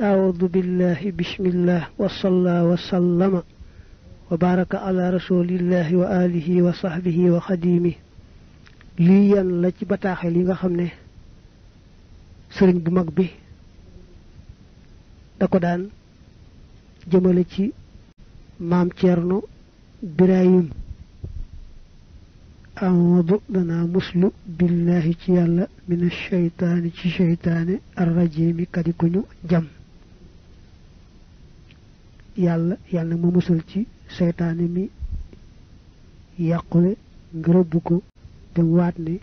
أعوذ بالله بسم الله وصلى وسلم وبارك على رسول الله وآله وصحبه وخديمه ليان لا تي باتاخ ليغا خامني سيرن بي ماك بي داكو دان جيمالي تي مام تيرنو ابراهيم اعوذ بنا مسلم بالله تي يالا من الشيطان تي شيطان الرجيم كدي كونو جام yàlla yàlla nag ma musal ci seytaane mi yàqule ngërëbbu ko te mu waat ne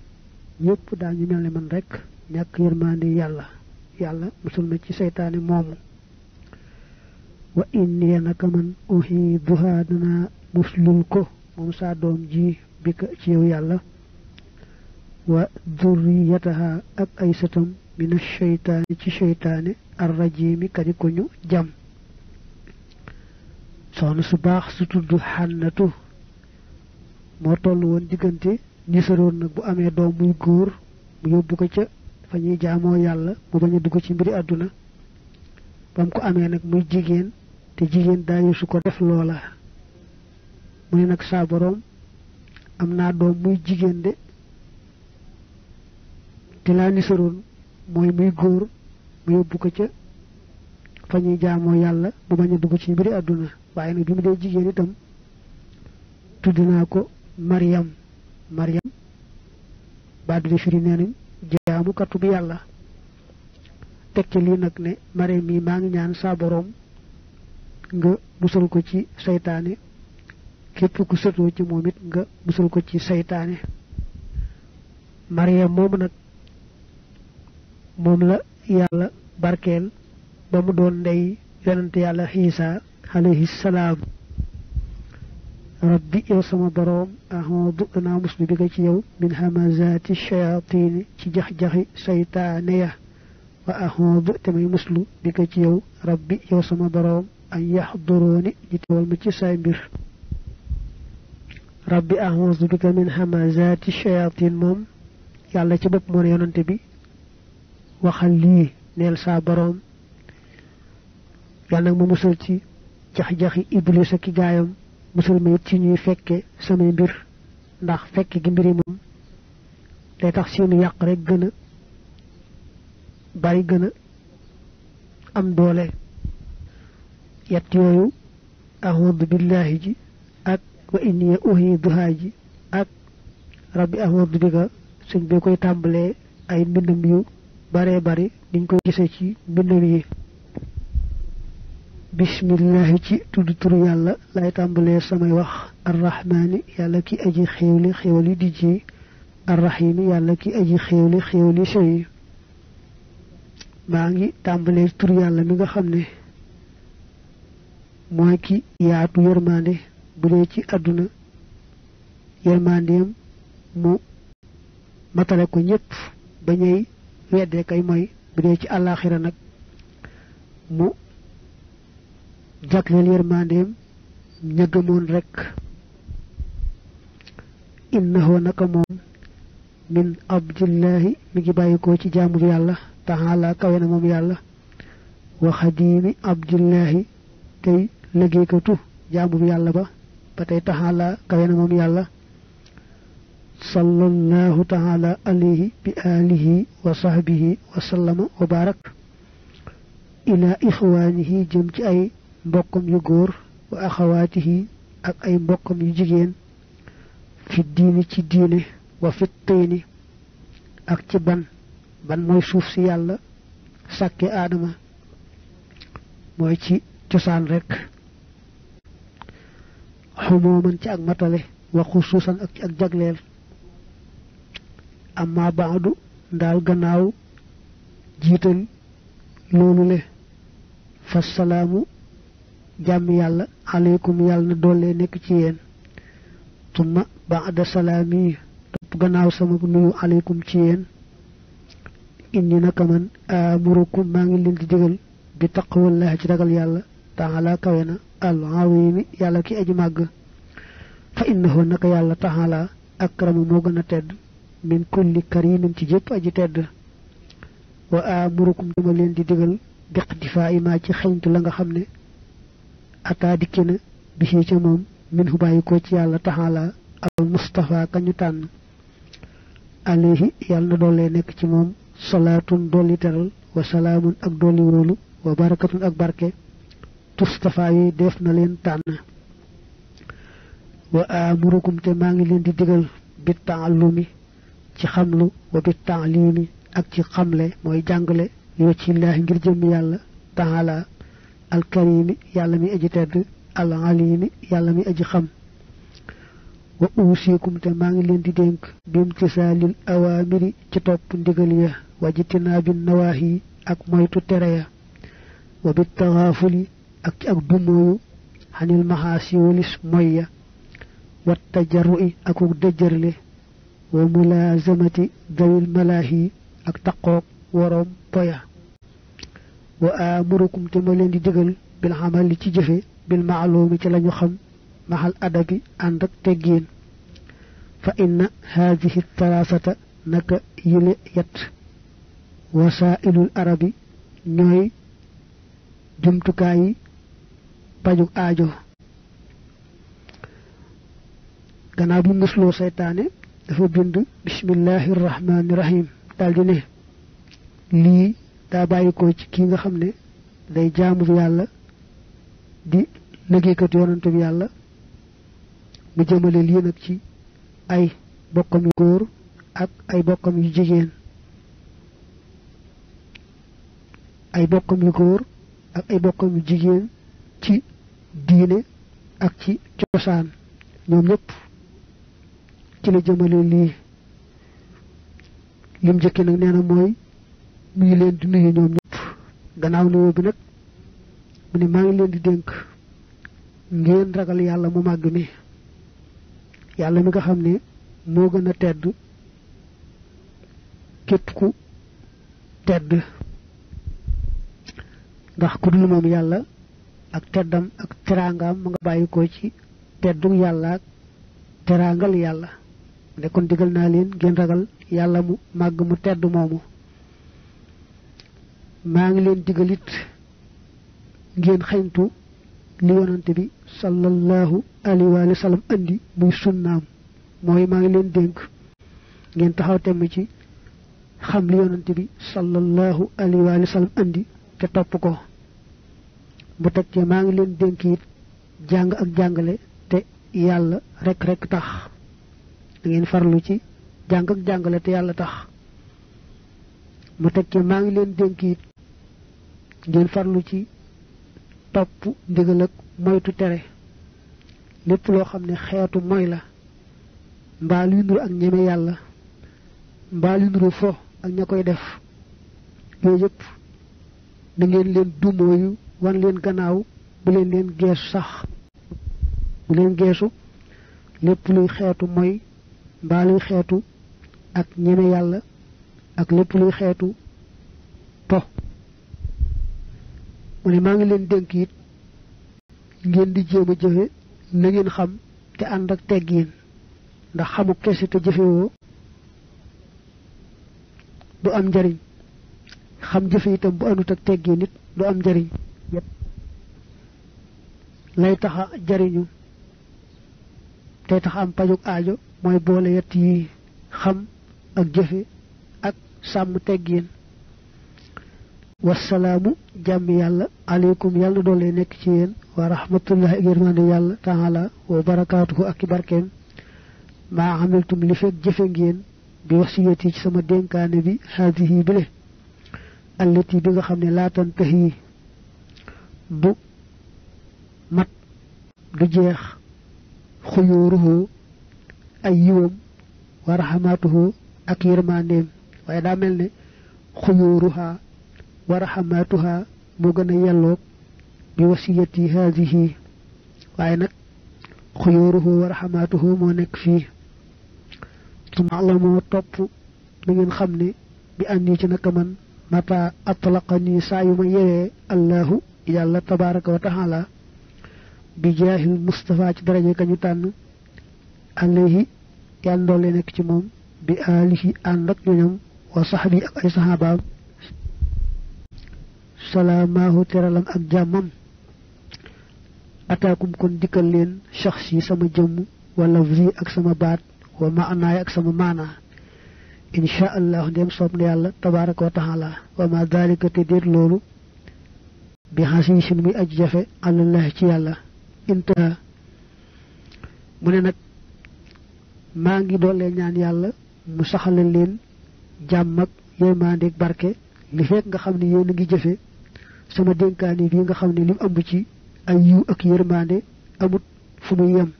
ñëpp daañu mel man rekk ñàkk yërmaande yàlla yàlla musul ma ci seytaane moomu wa inni naka man uhi duha dana muslul ko moom saa doom ji bi ci yow yàlla wa durriyataha ak ay sëtam mina seytaane ci seytaane arrajimi kadi ko ñu jam soxna su baax su tudd xànnatu moo toll woon diggante ñi saroon nag bu amee doom muy góor mu yóbbu ko ca fa ñuy jaamoo yàlla mu bañ a dugg ci mbiri àdduna mu ko amee nag muy jigéen te jigéen yu su ko def loola mu ne nag saa boroom am naa doom muy jigéen de te laa nisaroon mooy muy góor mu yóbbu ko ca fa ñuy jaamoo yàlla mu bañ a dugg ci mbiri àdduna waaye nag bi mu dee jigéen itam tudd naa ko mariam mariam baadudi firi nee nañ jaamu kattu bi yàlla tekki ci lii nag ne mariam yi maa ngi ñaan saa borom nga musal ko ci saytaane képp ku sëtoo ci moom it nga musal ko ci saytaane mariam moomu nag moom la yàlla barkeel ba mu doon ndey yonante yàlla xiisaa عليه السلام ربي يا سما بروم احمد انا مسلم بك من همزات الشياطين تي جح جحي شيطانيه واحمد تمي مسلم بك ربي يا سما بروم ان يحضروني جتول مي ساي ربي احمد بك من همزات الشياطين مم يالا تي بوب مون يونتي بي وخال نيل سا بروم يالا مو مسلتي jaxi-jaxi iblis ak i gaayam musal it ci ñuy fekke samay mbir ndax fekk gi mbiri moom day tax seeni yàq rekk gën bari gën am doole yett yooyu ahmadu billahi ji ak wa inni uhi duha ji ak rabbi ahmadu bi ga suñ bi koy tàmbalee ay mbindam yu baree bari niñ koy gisee ci mbindam yi bismillah ci tuddu turu yàlla lay tàmbalee samay wax arrahmani yàlla ki aji xéewli xéewli di ji arrahimi yàlla ki aji xéewli xéewli sey maa ngi tàmbalee turu yàlla mi nga xam ne mooy ki yaatu yërmande bu dee ci àdduna yërmandeem mu matale ko ñépp ba ñuy kay bu ci mu jagleel yërmandeem ña gëmoon rek innahu naka moom min abdillahi mi ngi bàyyikoo ci jaamu bi yàlla taxaala kawe na yàlla wa xadiimi abdillahi tey liggéeykatu jaamu bi yàlla ba ba tey taxaala kawe yàlla sallallahu taala alayhi bi alihi wa sahbihi wa sallama wa barak ila ixwaanihi jëm ci ay mbokum yu góor wa akhawatihi ak ay mbokum yu jigen fi diini ci diine wa fi tayni ak ci ban ban moy suuf ci yàlla sàkke adama moy ci cosaan rek xumooman ci ak matale wa khususan ak ci ak jaglel amma baadu dal gannaaw jiital nonu le fa jàmmi yàlla aleykum yàlla na doole nekk ci yéen tumma baada salaami topp gannaaw sama nuyu aleykum ci yéen indi naka man amurukum maa ngi leen di digal bi taqwallahi ci ragal yàlla taala kawe na al awimi yàlla ki aji màgg fa innahu naka yàlla taala akramu moo gën a tedd min kulli karimin ci jëpp aji tedd wa amurukum dama leen di digal biqtifaa imaa ci xeñtu la nga xam ne ataa dikki na bisi ca moom min hu bàyyi ci yàlla taxaala al mustafa kañu tànn alayhi yàlla na doole nekk ci moom salaatun dolli teral wa salaamun ak dolli wóolu wa barakatun ak barke tustafa yi def na leen tànn wa amurukum te maa ngi leen di digal bi taallumi ci xamlu wa bi taalimi ak ci xamle mooy jàngale yoo ci laahi ngir jëm yàlla taala الكريم يالا مي اجي تاد العليم يالا مي اجي خم واوصيكم تا ماغي لين دي دنك بامتثال الاوامر تي توب ديغال يا وجتنا بالنواهي اك مويتو تريا وبالتغافل اك اك دمو عن المحاسي والاسمية والتجرؤ اك دجرلي وملازمة ذوي الملاهي اك تقوق ورم طيا وآمركم تمولين دي دغل بالعمل تي جفي بالمعلوم تي لا نخم محل ادب اندك تيغين فان هذه الثلاثه نك يلي يت وسائل العربي نوي جمتكاي باجو اجو كان ابو مسلو شيطان دا بسم الله الرحمن الرحيم تالدي لي daa bàyyi ko ci kii nga xam ne day jaamu yàlla di liggéeykat yonantu bi yàlla mu jëmale lii nag ci ay bokkam yu góor ak ay bokkam yu jigéen ay bokkam ak ay bokkam yu jigéen ci diine ak ci cosaan ñoom ñëpp ci la jëmale lii lim jëkki nag nee na mooy mi ngi leen di nuyu ñoom ñëpp gannaaw nuyu bi nag mu ne maa ngi leen di dénk ngeen ragal yàlla mu màgg mi yàlla mi nga xam ne moo gën a tedd képp ku tedd ndax ku dul moom yàlla ak teddam ak teraangaam mu nga bàyyi ko ci teddu yàlla ak teraangal yàlla ne kon digal naa leen ngeen ragal yàlla mu màgg mu tedd moomu maa ngi leen digalit ngeen xañtu li yonante bi sallallahu alayhi wa sallam andi muy sunnaam mooy maa ngi leen dénk ngeen taxaw tem ci xam li yonante bi sallallahu alayhi wa sallam andi te topp ko bu teg ci maa ngi leen dénk it jàng ak jàngale te yàlla rek rek tax da ngeen farlu ci jàng ak jàngale te yàlla tax mu teg ngi leen dénk ngeen farlu ci topp ndigal ak moytu tere lépp loo xam ne xeetu mooy la mbaa luy nuru ak ñeme yàlla mbaa luy nuru fo ak ña koy def yooyu yëpp na ngeen leen dumooyu wan leen gannaaw bu leen leen gees sax bu leen geesu lépp luy xeetu mooy mbaa luy xeetu ak ñeme yàlla ak lépp luy xeetu mu ne maa ngi leen dénk it ngeen di jéem a jëfe na ngeen xam te ànd ak teggiin ndax xamu kese te jëfewoo du am njariñ xam jëfe itam bu anut ak teggiin it du am njariñ yépp lay taxa jariñu tey tax am pajuk aajo mooy boole yett xam ak jëfe ak sàmm teggiin والسلام جام يالا عليكم يالا دولي نيك ورحمه الله غيرمان يالا تعالى وبركاته اك بركين ما عملتم لي فك جيفك يين بوصيتي سما دنكان بي هذه بله التي بيغا خامني لا تنتهي بو مات دو جيخ خيوره ايوم ورحماته اك يرمانيم خيورها ورحماتها مغنى يلوك بوسيتي هذه وعينك خيوره ورحماته مونك فيه ثم علموا الطب بين خمني بأني جنك من متى أطلقني سعي من يلي الله يالله تبارك وتعالى بجاه المصطفى درجة كنتان عليه يندولينك جموم بآله أنك جنم وصحبي أي صحابه salamahu teralam ak jàmmam atakum kon dikal len shakhsi sama jëmm wala vri ak sama baat wa maana ak sama mana. insha allah dem sopp ne yalla tabarak wa taala wa ma dalika te lolu bi hasin xasiisin mi aj jafe allah ci yalla inta mune nak nag ngi ñaan yalla mu saxal len ak barke li fek nga xamni yow yéen ngi sama denkaani bi nga xamne lim ëmb ci ay yu ak yermane amut fu muy yam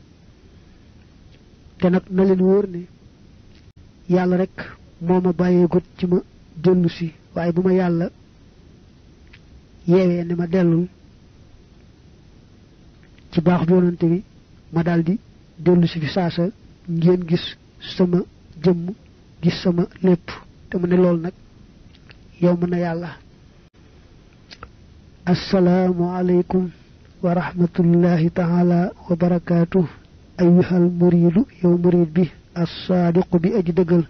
té nak na leen wóor ne yalla rek moma baye gut ci ma dellu ci waye buma yalla yàlla ne ma dellul ci baax bi bi ma daldi ci fi sasa ngeen gis sama jëm gis sama lepp te mu ne lool nak yow mu na yalla السلام عليكم ورحمة الله تعالى وبركاته أيها المريد يوم مريد به الصادق بأجدقل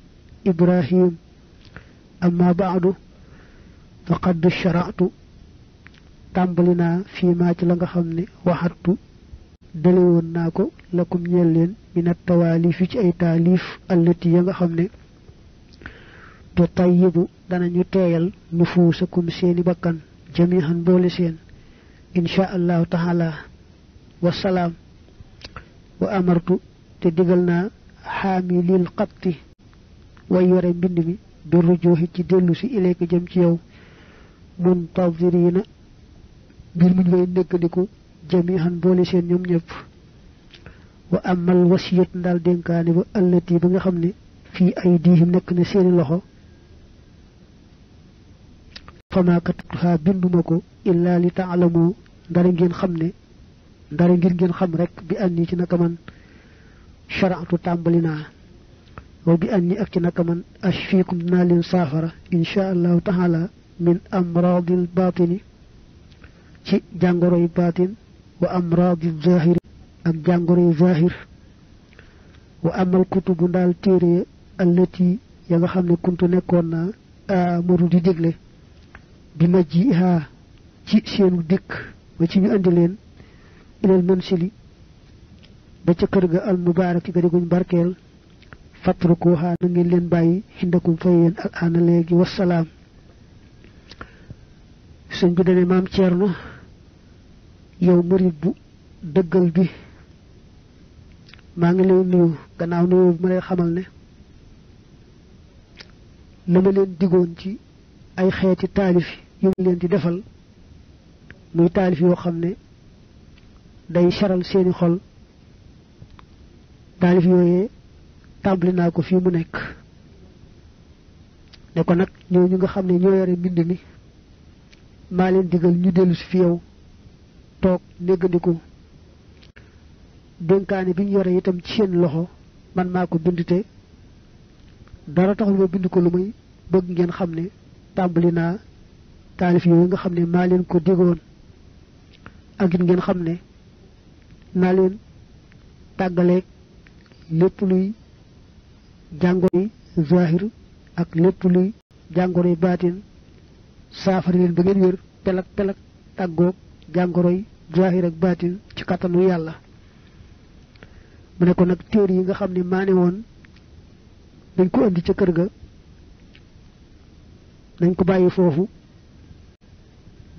إبراهيم أما بعد فقد شرعت تنبلنا فيما جلغ خمني وحدت دليوناكو لكم يلين من التواليف أي تاليف التي يغ خمني تطيب دانا نتيل نفوسكم سيني بكان jami'an boole seen insha allahu taala wasalaam wa amartu te digal naa xaamilil xatti way yore mbind mi bi rujuuxi ci dellu si ileeka jëm ci yow muntadiriina mbir mi ngay néggandiku jami'an boole seen ñoom ñëpp wa amal wasiyat ndaal dénkaane ba ëllëti ba nga xam ne fii ay diihim nekk na seeni loxo فما كتبتها بنمك إلا لتعلموا دارنجين خمني دارنجين جين خمرك بأني تنك من شرعت تعملنا وبأني أكنك من أشفيكم نال سافرة إن شاء الله تعالى من أمراض الباطن تي جانغوري باطن وأمراض الظاهر أك جانغوري ظاهر وأما الكتب نال التي يغحمني كنت نكونا آمر دي دي دي bi majjiha ci seenu dikk ma ci ñu andi leen ilal mansili ba ca kër ga al mubaaraki ga diguñ barkeel fatrukuha na ngeen leen bàyyi xindakum fay yéen al aana léegi wasalaam sëñ bi dane maam Ceerno yow murid bu dëggal bi maa ngi lay nuyu gannaaw nuyu ma ma leen digoon ci ay xeeti taalifi yu leen di defal muy taalif yoo xam ne day saral seeni xol taalif yooyee tàmbali naa ko fii mu nekk ne ko nag ñoo ñu nga xam ne ñoo yore bind mi maa leen digal ñu dellu fi yow toog néggandiku dénkaane bi ñu yore itam ci seen loxo man maa ko bind te dara taxul ma bind ko lu muy bëgg ngeen xam ne tàmbali naa taalif yooyu nga xam ne maa leen ko digoon ak it ngeen xam ne naa leen tàggaleeg lépp luy jàngoro yi ak lépp luy jàngoro yi baatin saafara leen ba ngeen wér pelag pelag tàggoog jàngoro yi zahir ak baatin ci kàttanu yàlla mu ne ko nag téer yi nga xam ne maa ne woon dañ ko indi ca kër ga dañ ko bàyyi foofu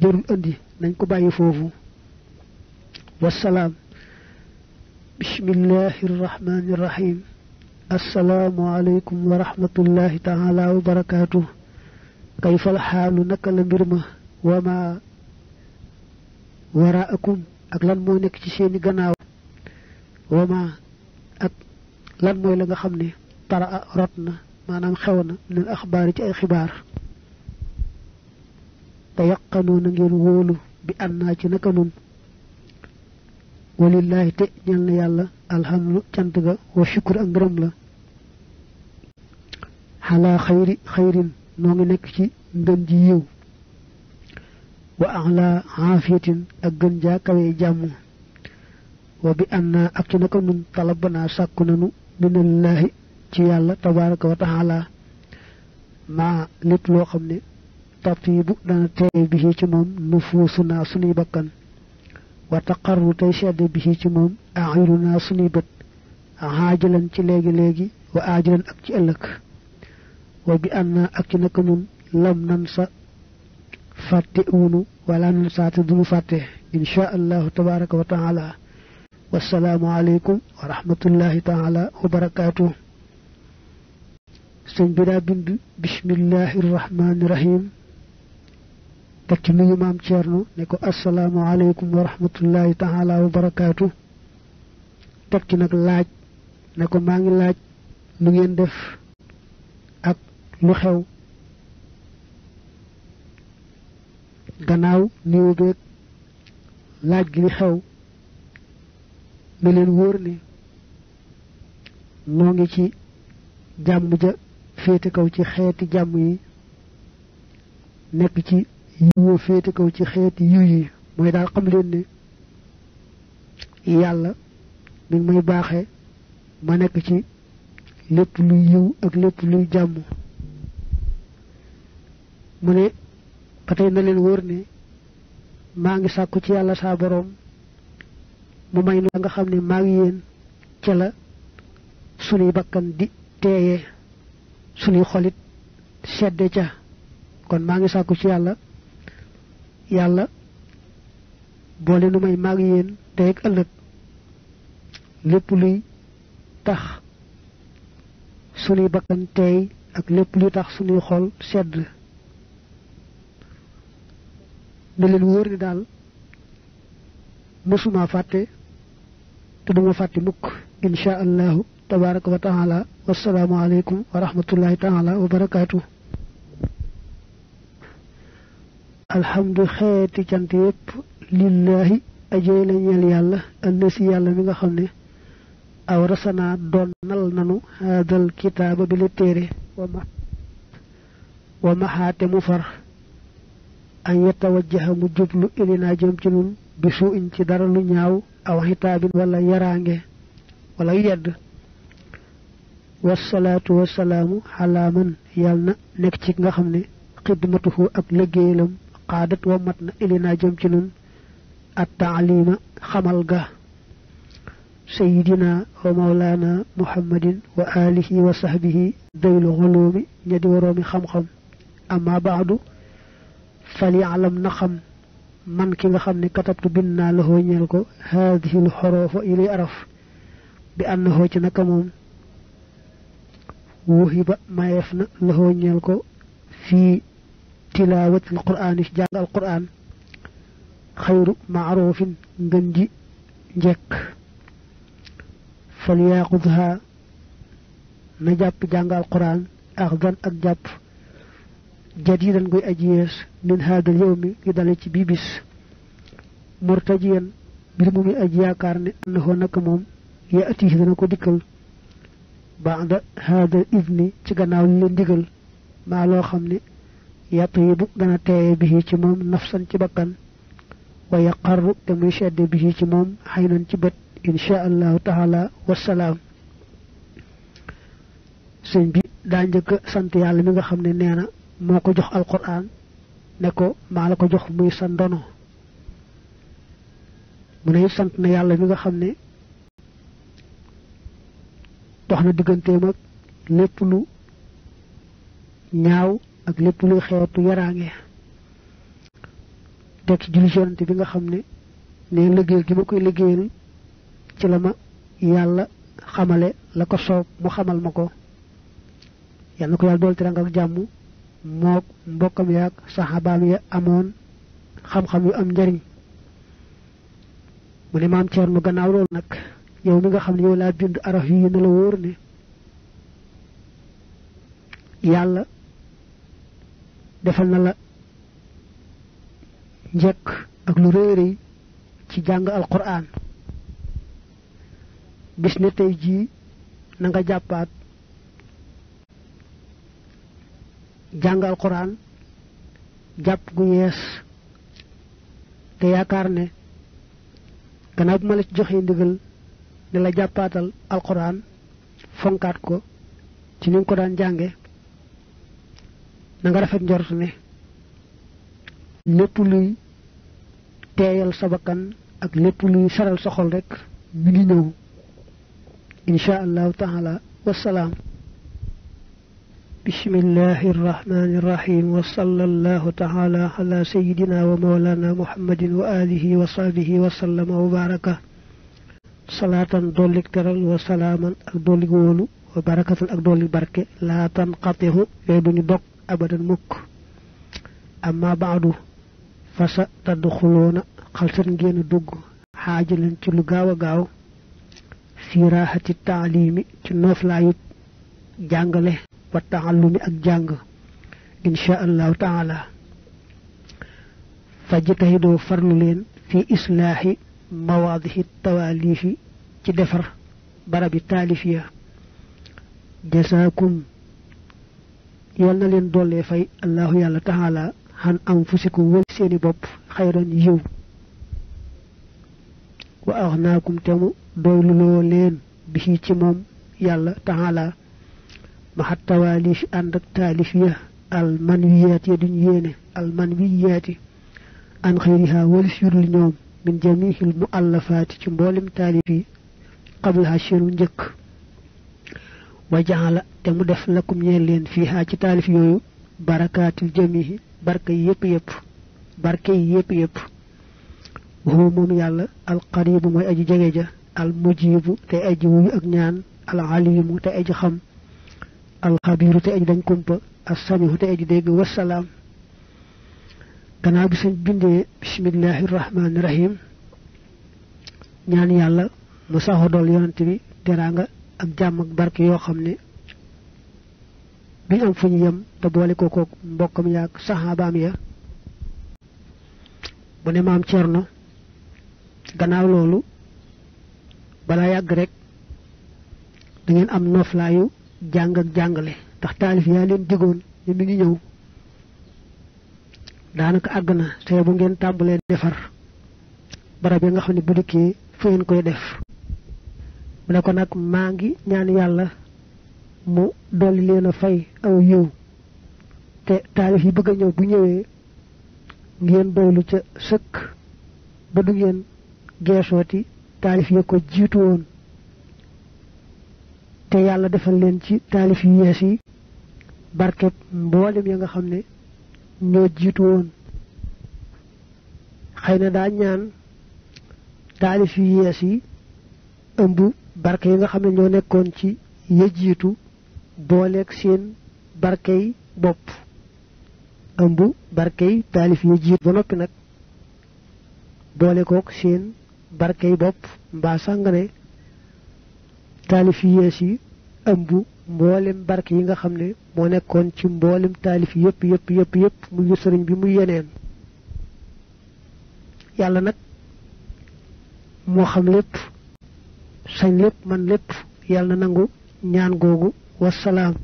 jërul andi nañ ko bàyyi foofu wasalaam bismillahi irrahmani irrahim assalaamu alaykum wa rahmatullahi taala wa barakaatu kayfa alxaalu naka la mbir ma wama waraakum ak lan moo nekk ci seeni gannaaw wama ak lan mooy la nga xam ne tara a rot na maanaam xew na min axbaari ci ay xibaar tayaqanu na ngeen wóolu bi annaa ci naka nun walillahi te ñal na yàlla alhamdu cant ga wa shukur ak ngërëm la xalaa xayri xayrin noo ngi nekk ci ngën ji yiw wa ala aafiyatin ak gën jaa kawee jàmm wa bi anna ak ci naka nun talabana sàkku nanu minallahi ci yàlla tabaraka wa taala maa nit loo xam ne تطيب دان تي به تي موم نفوسنا سني بكن وتقر تي شد به تي موم اعيننا سني بت عاجلن تي ليغي ليغي واجلن اك تي الك وبان اك لم ننسى فاتئون ولا ننسى تدو فاته ان شاء الله تبارك وتعالى والسلام عليكم ورحمة الله تعالى وبركاته سنبدا بسم الله الرحمن الرحيم tacc nuyu maam Thierno ne ko asalaamaaleykum wa rahmatullahi taala wa barakaatu teg ci nag laaj ne ko maa ngi laaj nu ngeen def ak lu xew gannaaw néew beeg laaj gi li xew na leen wóor ne noo ngi ci jàmm ja féete kaw ci xeeti jàmm yi nekk ci yiw woo féete kaw ci xeeti yiw yi mooy daal xam leen ne yàlla mi ngi may baaxe ma nekk ci lépp luy yiw ak lépp luy jàmm mu ne ba tey na leen wóor ne maa ngi sàkku ci yàlla saa boroom mu may la nga xam ne maa ngi yéen ca la sunuy bakkan di teeyee sunuy xolit sedde ca kon maa ngi sàkku ci yàlla yalla boole nu may mag yeen day ak ëllëg lépp luy tax suñuy bakkan tey ak lépp luy tax suñuy xol sedd na leen wóor ni daal mosumaa fàtte te duma fàtte mukk insha allahu tabaraka wa alhamdu xeeti cant yépp lillaahi ajee la ñeel yàlla annasi yàlla mi nga xam ne aw rasanaa donnal nanu haadal kitaaba bi la téere wa maxaate mu far an yatawajjaha mu jublu ilinaa jëm ci nun bi suu in ci dara lu ñaaw aw xitaabin wala yaraange wala yedd wasalaatu wasalaamu xalaa man yàlla na nekk ci nga xam ne xidmatuhu ak liggéeyalam qaadat wa mat na ilina jëm ci nun at taalima xamal ga sayidina wa mawlana muhammadin wa alihi wa sahbihi daylu xulumi ña di waroomi xam-xam amma baadu fal yaalam na xam man ki nga xam ne katabtu bind naa lahoo ñeel ko haadihi l xoroofa ili araf bi annahoo ci naka moom wuhiba mayeef na lahoo ñeel ko fii تلاوة القرآن شجان القرآن خير معروف جنج جك فليأخذها نجاب جانغ القرآن أخذن أجاب جديدا قوي أجيس من هذا اليوم إذا لك بيبس مرتجيا بالمومي أجيا كارن أنه نكموم يأتي هذا نكو بعد هذا الإذن تغناو لندقل ما لو خمني yàtt yi bu dana teeye bi ci moom nafsan ci bakkan wa yaqarru te muy sedd bi ci moom xaynan ci bët insha allahu taala wasalaam sëñ bi daa njëkk sant yàlla mi nga xam ne nee moo ko jox alquran ne ko maa la ko jox muy sa ndono mu ne sant na yàlla mi nga xam ne dox na digganteem ak lépp lu ñaaw ak lepp luy xéetu yaraange def ci julli yonante bi nga xam ne liggéey gi ma koy liggéeyal ci lama yalla xamalé la ko soob mu xamal mako yalla ko yalla dool tirang ak jamm mbokam yak ya, ya amon xam-xam yu am njariñ mu ne maam mu gannaaw loolu nag yow mi nga xam ne yow laa bind araf yi na la wóor ne yàlla defal na la njekk ak lu réere ci jàng alquran bis ne tey ji na nga jàppaat jàng alquran jàpp gu yees te yaakaar ne gannaaw bu ma la ndigal ne la jàppaatal alquran fonkaat ko ci ni ko daan jàngee na nga rafet njort ne lépp luy teeyal sa bakkan ak lépp luy saral sa xol rek mi ngi ñëw insha taala بسم الله الرحمن الرحيم وصلى الله تعالى على سيدنا ومولانا محمد وآله وصحبه وسلم وبارك صلاة دولك ترل وسلاما أك دولك وولو وبركة أك بركة لا تنقطه يدني دك abadan mukk amma baadu fa sa tadxuloona xalsat ngeen dugg xaajaleen ci lu gaaw a gaaw fi raaxati taalimi ci nooflaayub jàngale wa taallumi ak jàng insha allahu taala fajtahidoo farlu leen fi islaaxi mawaadihi tawaalifi ci defar barabi taalif ya yal na leen doole fay allahu yàlla taxaala xan am fusikum wal seeni bopp xayran yiw wa axnaakum te mu doyluloo leen bi ci moom yàlla taxaala maxa tawaalif ànd ak taalif ya alman wiyaat ya duñ yéene alman wiyaati an xëyriha walis yurul ñoom min jamihil mu allafaati ci mboolem taalif yi qablaha seenu njëkk wa jaala te mu def lakum ñeel leen fiha ci taalif yooyu barakatul jamihi barke yépp yépp barke yépp yépp hu moom al qaribu mooy aji jege ja al mujibu te aji wuyu ak ñaan al alimu te aji xam al khabiru te aji dañ kumpa as sami te aji dégg salam gannaaw bi suñ bindee bismillahi rahmaani rahim ñaan yàlla mu saxo bi ak jàmm ak barke yo xamne bi am fuñu yam yem boole ko ya, ya bu ne maam cerno gannaaw lolu bala yag rek da ngeen am noflaayu jang ak jangale tax talif ya leen digoon ne mi ngi ñew danaka agna te bu ngeen tambale defar barab yi ya nga xamne bu fu ngeen koy def mu ne ko nag maa ngi ñaan yàlla mu dolli leen a fay aw yiw te taalif yi bëgg a ñëw bu ñëwee ngeen doylu ca sëkk ba du ngeen geesooti taalif ya ko jiitu woon te yàlla defal leen ci taalif yu yees yi barkeb mboolem ya nga xam ne ñoo jiitu woon xëy na daa ñaan taalif yu yees yi ëmb barke yi nga xam ne ñoo nekkoon ci ya jiitu booleeg seen barke yi bopp ëmb barke yi taalif ya jiitu ba noppi nag boole kook seen barke yi bopp mbaa sàng ne taalif yi yees yi ëmb mboolem barke yi nga xam ne moo nekkoon ci mboolem taalif yëpp yëpp yëpp yëpp muy sëriñ bi muy yeneen yàlla nag moo xam lépp sañ lépp man lépp yàlla na nangu ñaan googu wasalaam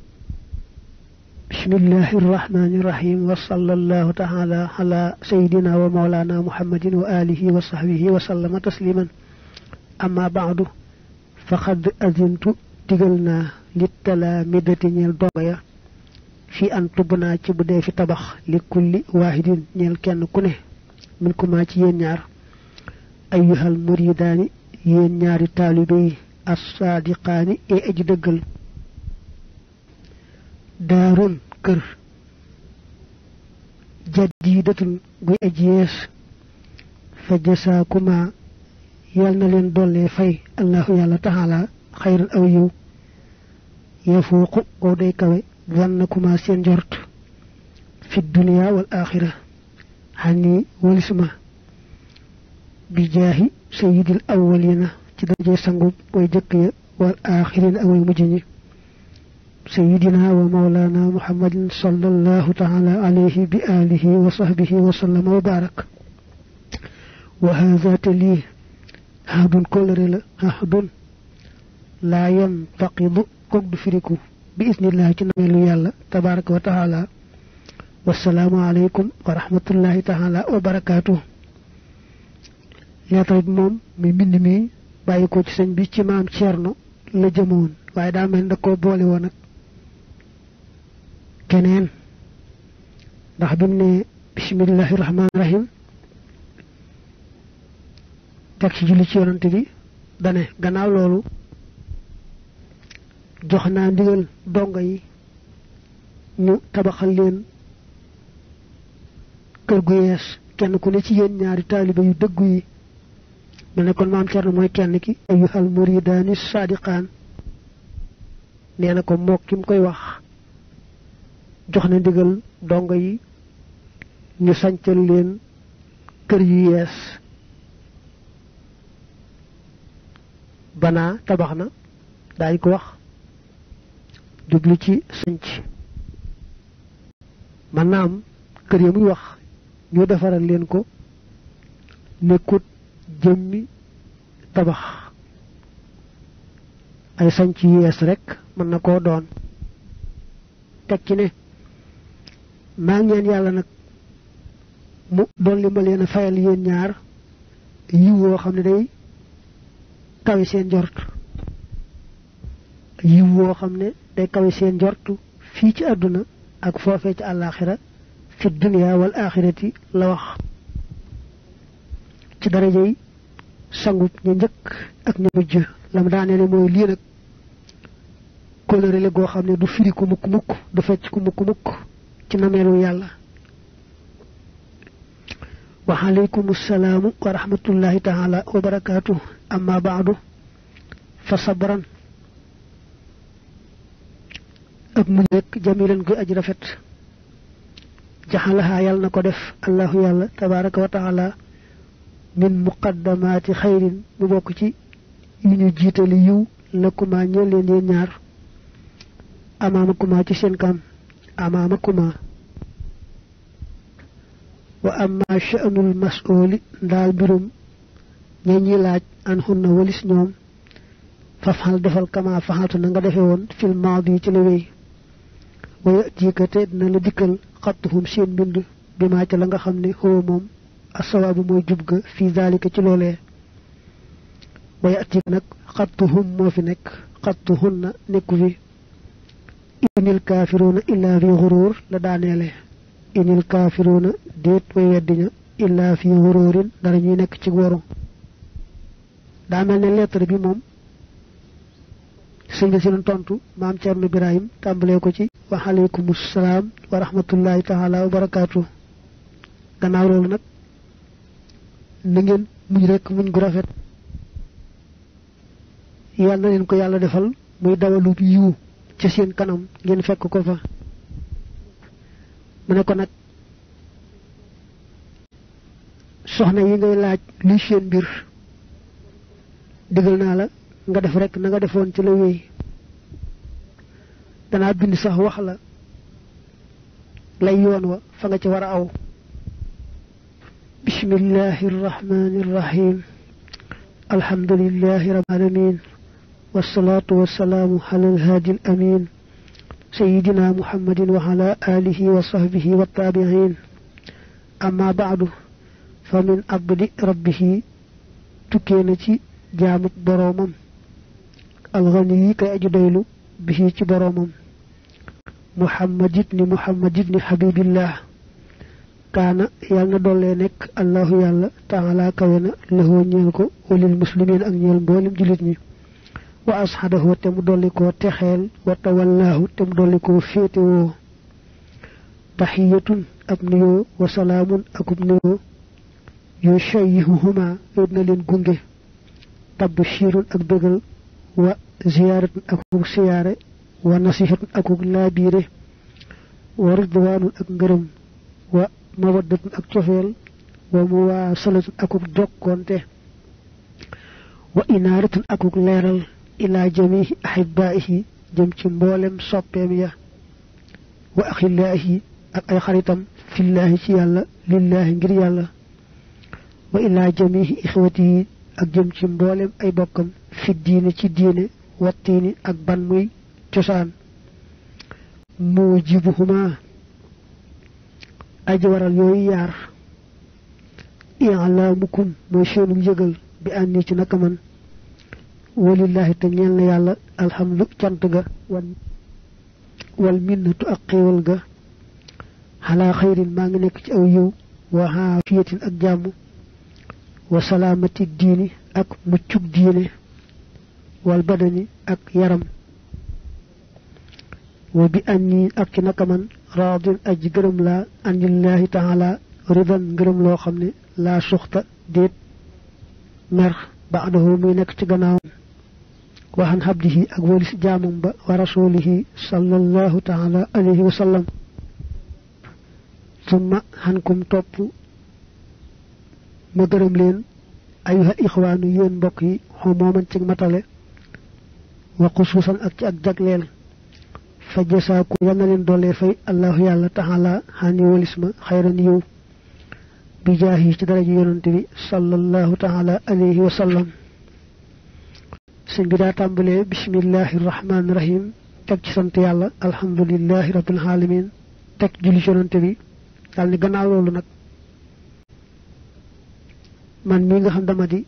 بسم الله الرحمن الرحيم وصلى الله تعالى على سيدنا ومولانا محمد وآله وصحبه وسلم تسليما أما بعد فقد أذنت تقلنا للتلامذة الضوية في أن تبنى تبدأ في طبخ لكل واحد نيل كان كنه منكما تينيار أيها المريدان yéen ñaari taalibe yi assaadiqaani ee aji dëggal daarun kër jadiidatun guy aji yees fa jasaakuma yal na leen dolle fay allahu yàlla taxaala xayran aw yiw yafuuqu koo day kawe zannakuma seen njort fi duniyaa wal aaxira xani walisma سيد الأولين تدجي سنغوب ويدقية والآخرين أو المجيني سيدنا ومولانا محمد صلى الله تعالى عليه بآله وصحبه وسلم وبارك وهذا تلي هاد كل رلا هاد لا ينفقد كد فريكو بإذن الله جنمي يلا تبارك وتعالى والسلام عليكم ورحمة الله تعالى وبركاته leetar bi moom mi mbind mi bàyyi ko ci sëñ bi ci maam Thierno la jëmoon waaye daa mel ni da koo boole woon ak keneen ndax bi mu ne bismillahi rahim teg ci julli ci yonante bi dane gannaaw loolu jox naa ndigal dongo yi ñu tabaxal leen kër gu yees kenn ku ne ci yéen ñaari taaliba yu dëggu yi mel ne kon maam na mooy kenn ki ayyuhal muridaani saadiqaan nee na ko mook ki mu koy wax jox na ndigal dongo yi ñu sancal leen kër yu yees banaa tabax na daañu ko wax jublu ci sanc man naa am kër ya muy wax ñu defaral leen ko nekkut jëmmi tabax ay sañ ci yees rek mën na koo doon teg ci ne maa ngeen yàlla nag mu doon ma leen a fayal ñaar yiw woo xam ne day kawe seen njort yiw woo xam ne day kawe seen njort fii ci àdduna ak foofee ci àllaaxira fi dunya wal aaxirati la wax ci daraja yi sangub ñu njëkk ak ñu lam daane ne mooy lii nag kóllëre la goo xam ne du firi ko mukk mukk du fecc ko mukk yàlla wa salaamu wa rahmatullahi taala wa barakaatu amma fa sabran ak mu jamilan guy aj rafet jaxalaha yàlla na ko def allahu yàlla tabaraka wa من مقدمات خير مبوكتي ينو جيتال يو لكما نيلين دي نيار امامكما تي سين كام امامكما واما شان المسؤول دال بيروم ني ني لاج انهن وليس نوم ففعل دفل كما فعلت نغا دفيون في الماضي تي لوي وياتيك تيد نلا ديكل خطهم سين بند بما تي لاغا خامني هو موم الصواب موي جوبغا في ذلك تي لوله وياتي نك خطهم مو في نك خطهن نيكو في ان الكافرون الا في غرور لا دانيله ان الكافرون ديت وي ودينا الا في غرور دا ني نك تي غورو دا ملني ليتر بي موم سيدي سيدي تونتو مام تيرنو ابراهيم تامبليكو تي وعليكم السلام ورحمه الله تعالى وبركاته دا نك na ngeen rek muñ gu rafet yalla leen ko yalla defal muy dawalu yu ci seen kanam ngeen fekk ko fa mu ne ko nag soxna yi ngay laaj li seen bir digal naa la nga def rek na nga defoon ci la wéy danaa bind sax wax la lay yoon wa fa nga ci war aw بسم الله الرحمن الرحيم الحمد لله رب العالمين والصلاة والسلام على الهادي الأمين سيدنا محمد وعلى آله وصحبه والتابعين أما بعد فمن أبد ربه تكينتي جامب برومم الغني كأجديل به تبرومم محمد بن محمد بن حبيب الله كان يالنا دولي نيك الله يالا تعالى كوينا له نيل كو ولي المسلمين اك نيل مبولم جليت ني واصحابه تم دولي كو تخيل وتولاه تم دولي كو فيتو تحيه اب وسلام اك نيو يشيههما ابن لين غونغي تبشير اك دغل وزيارة اك سيارة ونصيحة اك لابيره ورضوان اك غرم mawaddatun ak ciofel wa muwasalatun akuk jokkonte wa inaratun akuk leral ila jamihi ahibbaihi jëm ci mbolem soppeem ya wa akhillahi ak ay xaritam fillahi ci yalla lillahi ngir yalla wa ila jamihi ikhwatihi ak jëm ci mbolem ay bokkam fi diine ci diine wattini ak ban muy cosaan mujibuhuma aji waral yooyu yaar i'laamukum mooy seenu yëgal bi ànni ci naka man walillahi te ñeel na yàlla alhamdu cant ga wan wal minnatu ak xéewal ga xalaa xayrin maa ngi nekk ci aw yiw wa xaafiyatin ak jàmm wa salaamati diini ak muccug diine wal badani ak yaram wa bi ànni ak ci naka man راض اجغرم لا ان الله تعالى رضا غرم لو خمني لا شخط ديت مر بعده مي نك تي غناو وهن حبده اك وليس جامم با ورسوله صلى الله تعالى عليه وسلم ثم هنكم توب ما لين ايها اخوان يون بوكي هو تي متال وخصوصا اك اك دغلل fa jasaaku yal na leen doolee fay allahu yàlla taxala xaani walis ma xayran yiw bi jaahi ci daraja yonante bi sallallahu taala alayhi wa sallam sëñ bi daa tàmbalee bismillahi rahmaani rahim teg ci sant yàlla alhamdulillahi rabbil alamin teg julli ci yonante bi daal ni gannaaw loolu nag man mii nga xam dama di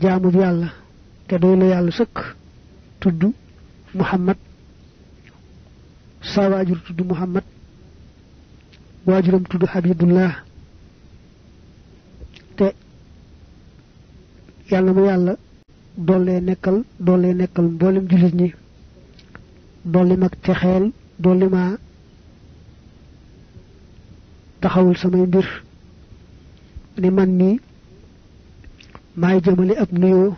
jaamu yàlla te doy la yàlla sëkk tudd muhammad sa waajur tudd muhammad waajuram tudd habibullah te yàlla mu yàlla doole nekkal doole nekkal mboolem jullit ñi doole mag texeel doole ma taxawul samay mbir ne man mii maay jëmale ab nuyoo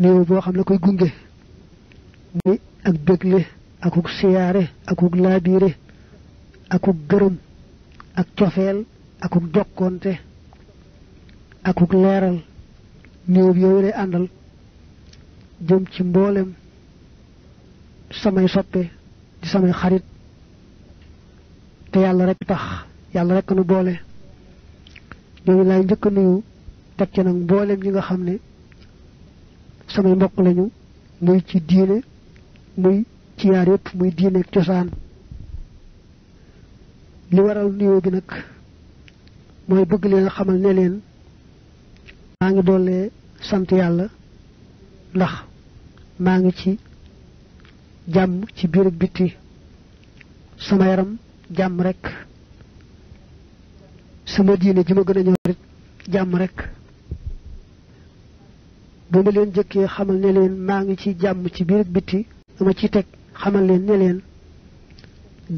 nuyoo boo xam ne koy gunge muy ak béglé akuk siyaare akuk ak ug gërëm ak cofeel ug jokkonte akuk leeral néew yow lay àndal jëm ci mboolem samay soppe di samay xarit te yàlla rek tax yàlla rek nu boole ñooñu laay njëkk nuyu teg ci nag mboolem ñi nga xam ne samay mbokk lañu muy ci diine muy ci yaar yëpp muy diine ak cosaan li waral nuyoo bi nag mooy bëgg leen xamal ne leen maa ngi doole sant yàlla ndax maa ngi ci jàmm ci biir ak bitti sama yaram jàmm rekk sama diine ji ma gën a ñor jàmm rekk bu ma leen jëkkee xamal ne leen maa ngi ci jàmm ci biir ak bitti dama ci teg xamal leen ne leen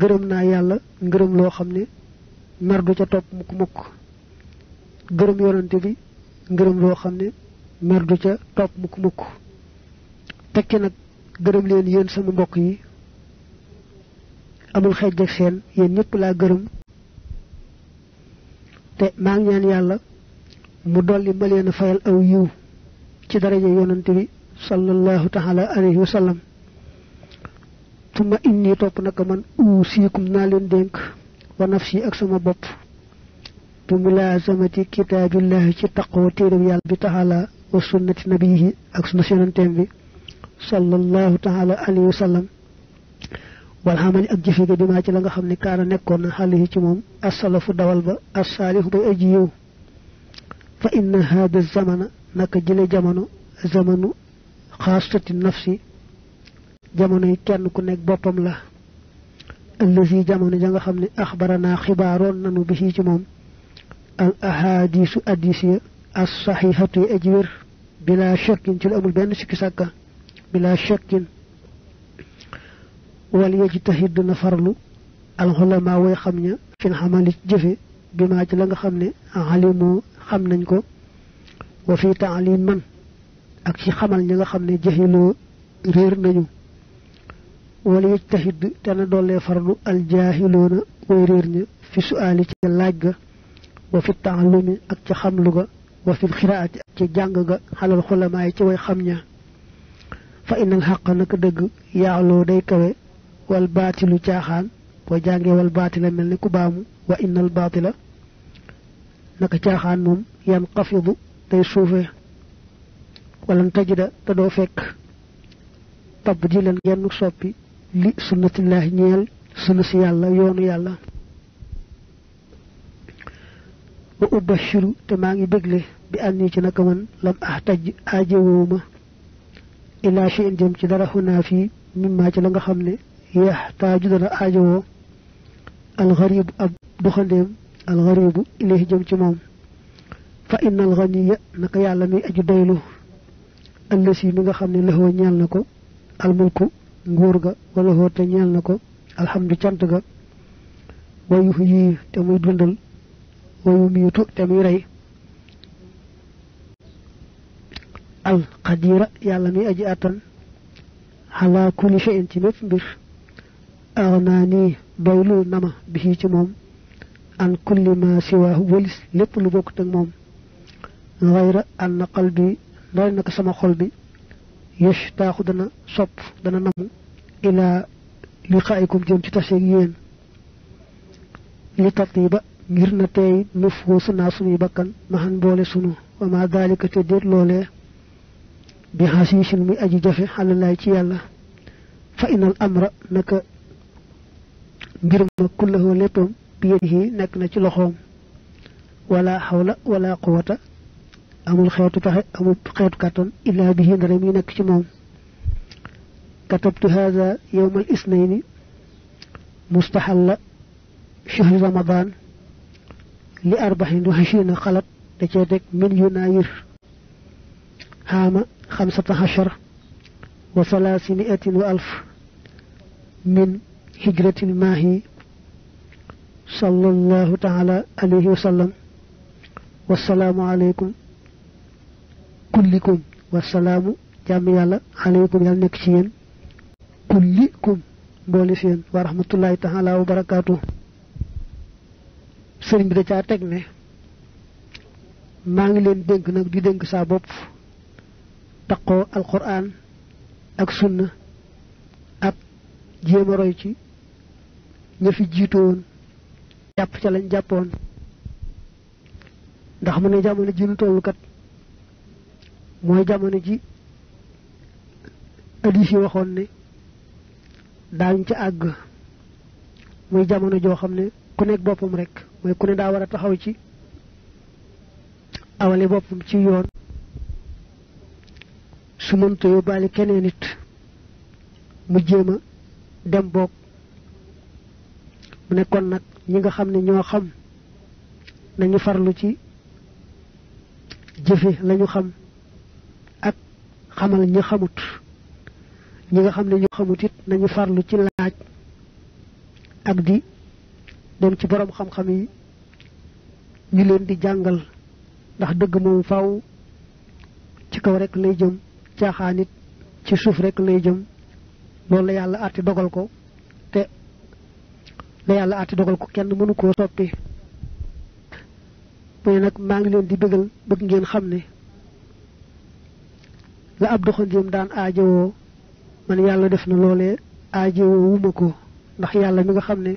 gërëm naa yàlla ngërëm loo xam ne mer ca topp mukk mukk gërëm yonante bi ngërëm loo xam ne mer ca topp mukk mukk tekki nag gërëm leen yéen sama mbokk yi amul xeej ak seen yéen ñëpp laa gërëm te maa ñaan yàlla mu dolli ma leen a fayal aw yiw ci daraja yonante bi sallallahu taala alayhi wa sallam ثم إني طوب نك من أوصيكم نالين دينك ونفسي أكسما بوب بملازمة كتاب الله في تقوى تيرو يالب تعالى وسنة نبيه أكسما سنن تنبي صلى الله تعالى عليه وسلم والعمل أجفك بما جلنغ خمنا كارا نكونا حاله جموم السلف دوالب السالح بأجيو فإن هذا الزمن نك جلي جمن خاصة النفسي jamono kenn ku nek bopam la allazi jamono ja nga xamni akhbarana khibaron nanu bi ci mom al ahadisu adisiya as sahihatu ajwir bila shakkin ci lu amul ben ci saka bila shakkin wal yajtahid na farlu al ulama way xamni fi xamali jëfe bima ci la nga xamni alimu xamnañ ko wa fi ta'lim man ak ci xamal ñi nga xamni jehilu jahiloo réer nañu wala yajtahid dana dolle farlu al jahiluna way reer ña fi su'ali ci laaj ga wa fi ta'allumi ak ci xamlu ga wa fi qira'ati ak ci jang ga halal xulama ci way xam ña fa innal haqqa nak deug ya'lu day kawe wal batilu tiaxaan bo jange wal batila melni ku baamu wa innal batila naka tiaxaan mom yan qafidu day suufe walan tajida da do fekk tabdilan genn soppi li sunnatillahi ñeel sunna si yàlla yoonu yàlla wa ubashiru te maa ngi bégle bi ànni ci naka man lam ahtaj aajowuma ila shay'in jëm ci dara xunaa fii mimmaa ci la nga xam ne yaxtaaju dana aajowoo alxaribu ab doxandeem alxaribu ilayhi jëm ci moom fa inna alxaniya naka yàlla mi aju doylu allasi mi nga xam ne lëxoo ñeel na ko almulku nguur ga wala ho te ñal nako alhamdu cant ga wayu yi te muy dundal wayu miitu te muy ray al qadira yàlla mi aji attan ala kulli shay'in ci lepp mbir agnaani doylu nama bi ci mom an kulli ma siwa walis lépp lu bokkut mom moom an qalbi dal naka sama xol bi يشتاق دنا صب دنا نم إلى لقائكم جم تتشيين لتطيب غيرنتي نفوس ناس بكن مهن بول سنو وما ذلك تدير لولي بحاسيش المي أجي جفي حال الله تيالا فإن الأمر نك غيرنا كله لبهم بيده نك نجلهم ولا حول ولا قوة amul xeetu pexe amul xeetu kàttan illa bihi ndara mi nekk ci mom katabtu hadha yawm al isnaini mustahalla shahr ramadan li arbaxin wa hashin khalat da ci tek min yunayir xaama xamsata wa salaasi wa alf min hijratin mahi sallallahu taala alayhi wa sallam والسلام عليكم kullikum wassalaamu jàmm yalla alaykum yalla nek ci yeen kullikum mboole seen wa rahmatullahi taala wa barakatuh sëriñ bi da ca tek ne ma ngi leen nak di dénk sa bop taqoo alquran ak sunna ak jéem roy ci ña fi won japp ca lañ ndax mu ne jamono tollu kat moy jamono ji hadis yi waxoon ne dañ ca ag moy jamono jo xamne ku nek bopum rek moy ku ne da wara taxaw ci awale bopum ci yoon su mënta yóbbaale keneen nit mu jema dem bok mu nekkon nak ñi nga xamne ño xam nañu farlu ci jëfé lañu xam xamal ña xamut ñi nga xam ne ñu xamut it nañu farlu ci laaj ak di dem ci borom xam-xam yi ñu leen di jàngal ndax dëgg moom faw ci kaw rekk lay jëm caaxaan it ci suuf rek lay jëm loolu la yàlla àtti dogal ko te la yàlla àtti dogal ko kenn mënu koo soppi mu ne nag maa ngi leen di bëggal bëgg ngeen xam ne la ab doxandeem daan aajowoo man yàlla def na loolee aajowoo wuma ko ndax yàlla mi nga xam ne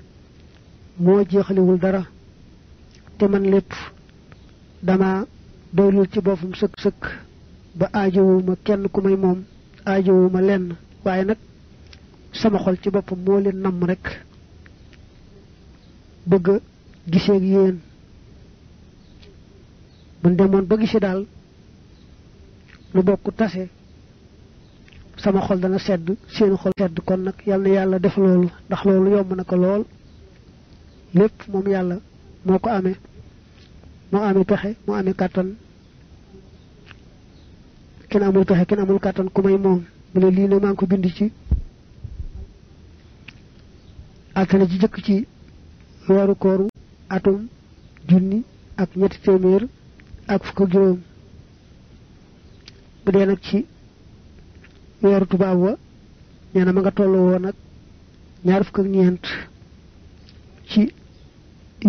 moo wul dara te man lépp dama doylul ci boppam sëkk sëkk ba aajowuma kenn ku may moom aajowuma lenn waaye nag sama xol ci boppam moo leen nam rek bëgg ak yéen bu demoon ba gise daal lu bokk tase sama xol dana sedd seen xol sedd kon nag yal na yàlla def loolu ndax loolu yomb na ko lool lépp moom yàlla moo ko amee moo amee pexe moo amee kàttan kenn amul pexe kenn amul kàttan ku may moom mu ne lii ne maa ngi ko bind ci altine ci jëkk ci weeru kooru atum junni ak ak fukk juróom bu nak ci weeru tuba wa nee ma nga tollu won nak ñaar fuk ak ñent ci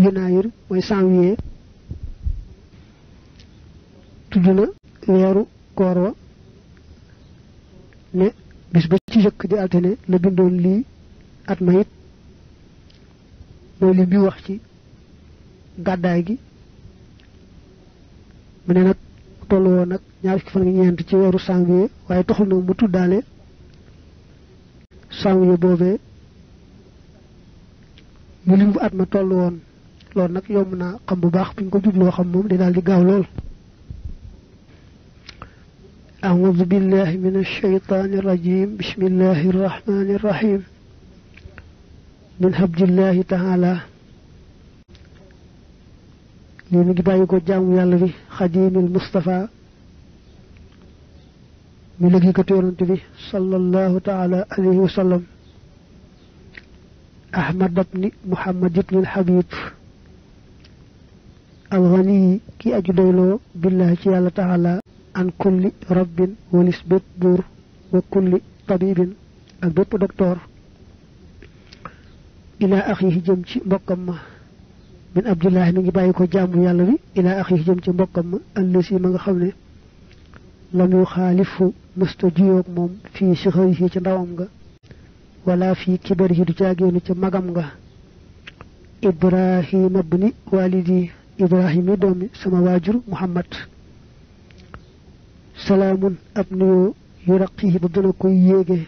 yunaayir moy janvier tuduna na koor wa ne bis ba ci jëkk di altine la bindoon li at ma moy li bi wax ci gàddaay gi mu ne tollu won ak ñaar ci fan ak ñeent ci wéru sang yi waaye taxul nag mu tuddale sang yu bobé mu lim bu at ma toll woon loolu nag yomb naa xam bu baax buñ ko jubloo xam mom day daal di gaaw lool أعوذ بالله من الشيطان الرجيم بسم الله الرحمن الرحيم من حبد الله تعالى lii mi ngi bàyyi ko jaamu yàlla bi xadimil mustafa mi liggéeykatu yonante bi sallallahu taala alayhi wa sallam ahmad babni muhammad ibni alhabib alxani ki aju doyloo billahi ci yàlla taala an kulli rabbin walis bépp buur wa kulli tabibin ak bépp docteur ila axihi jëm ci mbokkam ma من عبد الله من بايكو جامو يالا وي الى اخيه جيم تي مبوكم اللي ما خا خني لم يخالف مستجيوك موم في شخره تي داوامغا ولا في كبره تي جاغينو تي ماغامغا ابراهيم ابن والدي ابراهيم دومي سما واجر محمد سلام ابن يرقيه بدلكو ييغي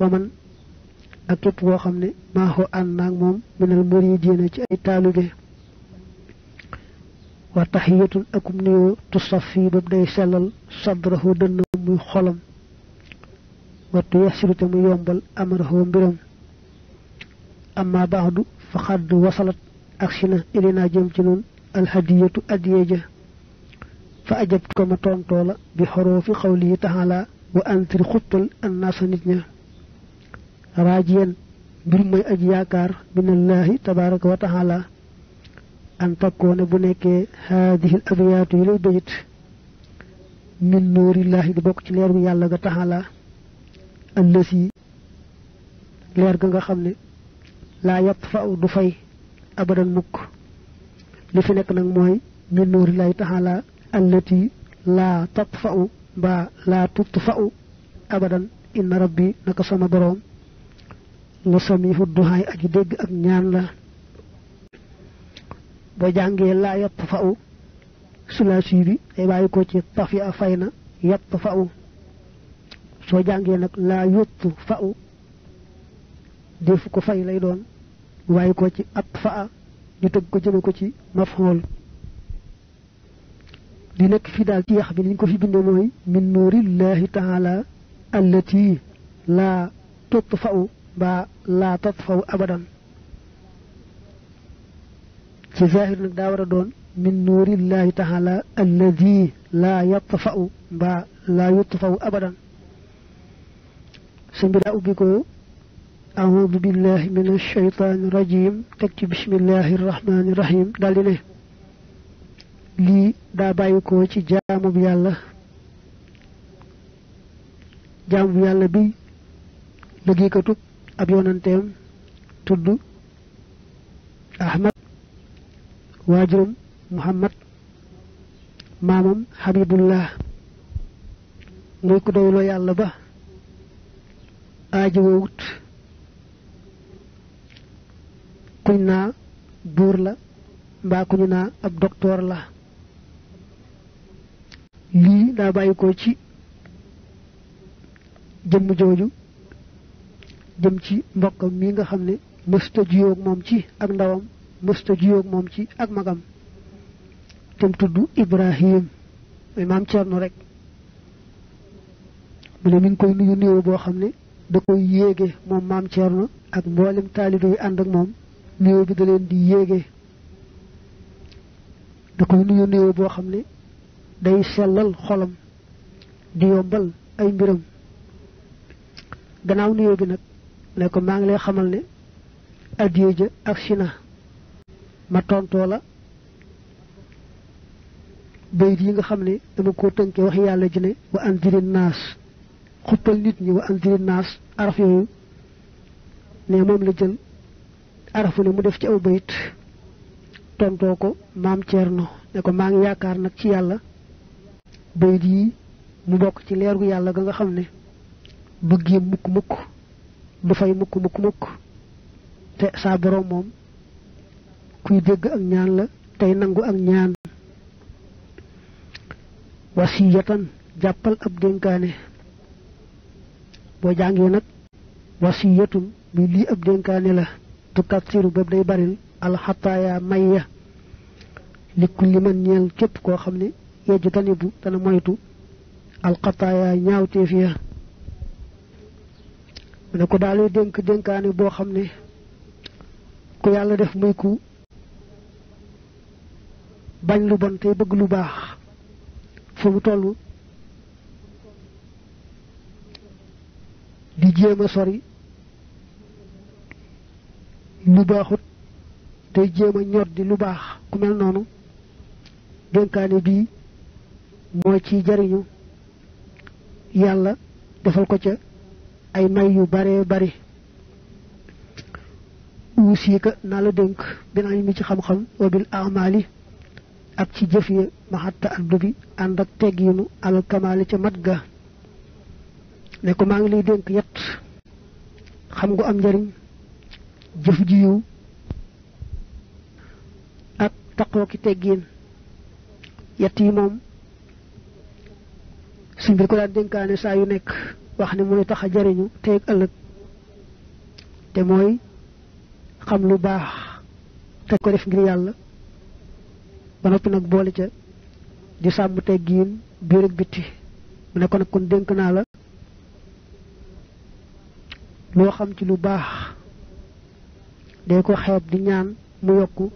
ومن ak képp xamne ma ho an nak mom min al muridina ci ay talibé wa tahiyatul akum nuyoo tusaffi ba day selal sadrahu dënn mu xolam wa yasiru te mu yombal amarahu mbiram amma ba'du fa xadd wasalat akhina ilina jëm ci nun al hadiyatu adiyaja fa ajabtu ko ma tontoo bi hurufi qawli ta'ala wa antir khutul annaasa nit ña rajiyan mbir moy aji yaakar minallahi tabaaraka wa ta'ala an takone bu nekke hadhihi al-abyat ila bayt min nurillahi di bok ci leeru yalla ga ta'ala allasi leer ga nga xamne la yatfa'u du fay abadan mukk li fi nek nak moy min nurillahi ta'ala allati la tatfa'u ba la tutfa'u abadan inna rabbi naka sama borom mu sami fu duhaay aju dégg ak ñaan la boo jàngee laa yatt fa'u sulaasi bi day bàyyi ko ci tafi a fay na yatt fa'u soo jàngee nag laa yutt fa'u def ko fay lay doon bàyyi ko ci at fa'a ñu tëgg ko jëme ko ci mafhool li nekk fi daal ci yax bi ni ñu ko fi bindee mooy min nuurillahi taala allati laa tutfa'u با لا تطفو ابدا في ظاهر نك دون من نور الله تعالى الذي لا يطفا با لا يطفو ابدا سنبدا بكو أعوذ بالله من الشيطان الرجيم تكي بسم الله الرحمن الرحيم دالينا لي دا بايكو تي جامو يالا جامو يالا بي لغي كتوك ab yonanteem tudd ahmad waajuram muhammad maamam habibullah muy ku doyloo yàlla ba aajowowut kuñ naa buur la mbaa kuñu naa ab doktoor la lii daa bàyyi ko ci jëmm jooju jëm ci mbokkam mi nga xam ne mësta jiyoog moom ci ak ndawam mësta jiyoog moom ci ak magam te mu tudd Ibrahim mooy maam Cerno rek mu ne mi koy nuyu nuyoo boo xam ne da koy yéege moom maam Cerno ak mboolem taalibe yi ànd moom nuyoo bi da leen di yéege da koy nuyu nuyoo boo xam ne day sellal xolam di yombal ay mbiram gannaaw nuyoo bi nag ne ko maa ngi lay xamal ne addiye ja ak si ma tontoo la bayit yi nga xam ne dama koo tënkee wax yàlla ji ne wa andiri naas xuppal nit ñi wa andiri naas araf arafu ne mu def ci aw bayit tontoo ko maam Thierno ne ko maa ngi yaakaar nag ci yàlla bayit yi mu bokk ci leeru yàlla ga nga xam ne bëggee mukk mukk du fay mukk mukk mukk te sa borom mom kuy deg ak ñaan la tay nangu ak ñaan wasiyatan jappal ab denkané bo jangé nak wasiyatun bi li ab denkané la tu katsiru ba day baril hataya mayya li kulli man ñeel kep ko xamné ne tanibu tan moytu qataya ñaawte fiya ne ko dalé denk dénkaane bo xamné ko yalla def muy ku bañ lu bon tay bëgg lu baax fu mu tollu di jema sori lu baaxut tay jema ñor di lu baax ku mel nonu dénkaane bi mo ci jariñu yalla defal ko ca ay may yu bare bari usika na la denk dina ñu ci xam xam o bil a'mali ak ci jëf yi ya, ma hatta dubi and ak tegginu al kamal ci mat ga ne ko ma ngi lay denk yett xam gu am njariñ jëf ji yu ak ki teggin yett yi ko la denkane sa yu nekk wax ne muy tax jariñu teek ëlëk te moy xam lu baax te ko def ngir yàlla ba noppi nag boole ca di sàmm giin biir ak bitti mu ne ko nag kon dénk naa la loo xam ci lu baax day ko xeeb di ñaan mu yokku